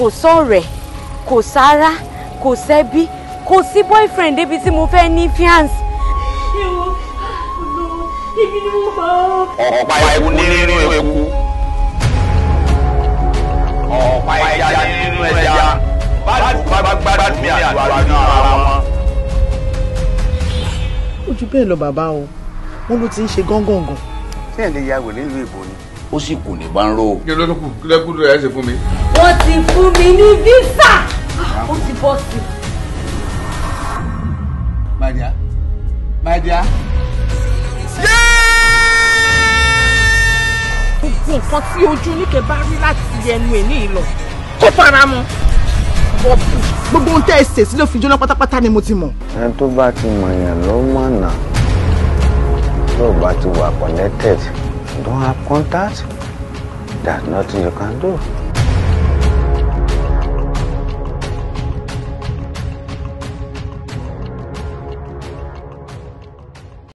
kò sọ̀rẹ́ kò sára kò sẹ́bí kò sí boyfriend débi tí mo fẹ́ ní fiance. ọ̀pá ewu nínú ewu ọ̀pá ẹja nínú ẹja bá gbádùn mi àlùwàlù ara wọn. ojú bẹ́ẹ̀ lọ bàbá o wọ́n ló ti ń ṣe gángangàn. ṣé ẹ̀ lè ya wèlé ìlú ìbò ni ó sì kù ní bánró. kí ló kù kí ló kù lórí ẹsẹ fún mi. wọ́n ti fún mi ní visa ah, ó ti bọ́ sí. my dear my dear. gbogbo nǹkan tí ojú níkẹ́ bá rí láti ẹnu ẹ̀ ní ìlọ kó fara mọ́ gbogbo ohun tẹ́ ẹ ṣèṣì ló fi jóná pátápátá ni mo ti mọ̀. ẹni tó bá ti mọ̀ yẹn ló mọ̀ náà tó bá ti wà connected don't have contact, There's nothing you can do.